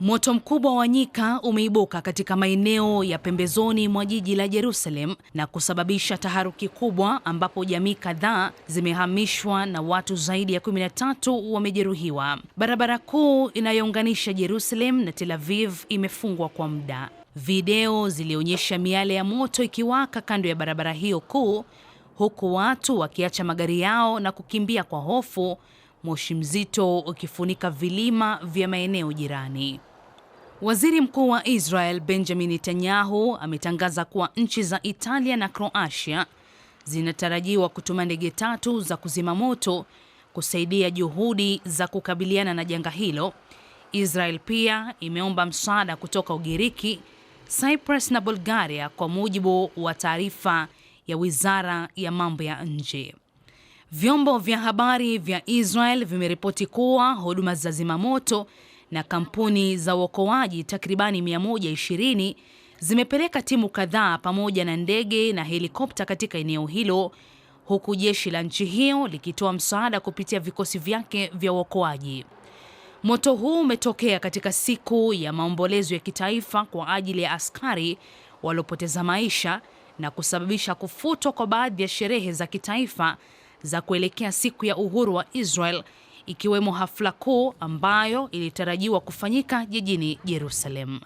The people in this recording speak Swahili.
Moto mkubwa wa nyika umeibuka katika maeneo ya pembezoni mwa jiji la Jerusalem na kusababisha taharuki kubwa ambapo jamii kadhaa zimehamishwa na watu zaidi ya 13 wamejeruhiwa. Barabara kuu inayounganisha Jerusalem na Tel Aviv imefungwa kwa muda. Video zilionyesha miale ya moto ikiwaka kando ya barabara hiyo kuu huku watu wakiacha magari yao na kukimbia kwa hofu, moshi mzito ukifunika vilima vya maeneo jirani. Waziri Mkuu wa Israel Benjamin Netanyahu ametangaza kuwa nchi za Italia na Kroatia zinatarajiwa kutuma ndege tatu za kuzima moto kusaidia juhudi za kukabiliana na janga hilo. Israel pia imeomba msaada kutoka Ugiriki, Cyprus na Bulgaria kwa mujibu wa taarifa ya Wizara ya Mambo ya Nje. Vyombo vya habari vya Israel vimeripoti kuwa huduma za zimamoto na kampuni za uokoaji takribani 120 zimepeleka timu kadhaa pamoja na ndege na helikopta katika eneo hilo huku jeshi la nchi hiyo likitoa msaada kupitia vikosi vyake vya uokoaji. Moto huu umetokea katika siku ya maombolezo ya kitaifa kwa ajili ya askari waliopoteza maisha na kusababisha kufutwa kwa baadhi ya sherehe za kitaifa za kuelekea siku ya uhuru wa Israel ikiwemo hafla kuu ambayo ilitarajiwa kufanyika jijini Jerusalem.